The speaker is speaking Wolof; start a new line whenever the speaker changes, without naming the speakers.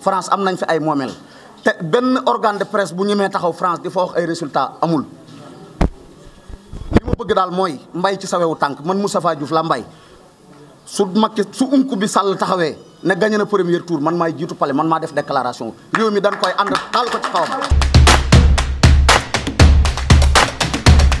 France
am nañ fi ay moomeel te benn organe de presse bu ñemee taxaw France di fa wax ay résultats amul. li ma bëgg daal mooy mbay ci sawewu tànk man Moustapha Diouf la mbay su Macky su Unku bi Sall taxawee ne gagné na premier tour man maa jiitu pale man maa def declaration réew mi
dañ koy ànd taal ko ci xawam.